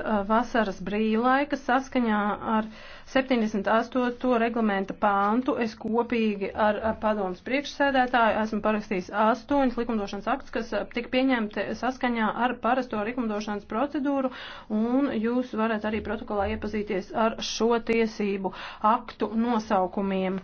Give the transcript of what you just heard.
Uh, vasaras brīvlaika saskaņā ar 78. reglamenta pāntu es kopīgi ar, ar padomas priekšsēdētāju esmu parakstījis astoņas likumdošanas aktus, kas uh, tika pieņemti saskaņā ar parasto likumdošanas procedūru, un jūs varat arī protokolā iepazīties ar šo tiesību aktu nosaukumiem.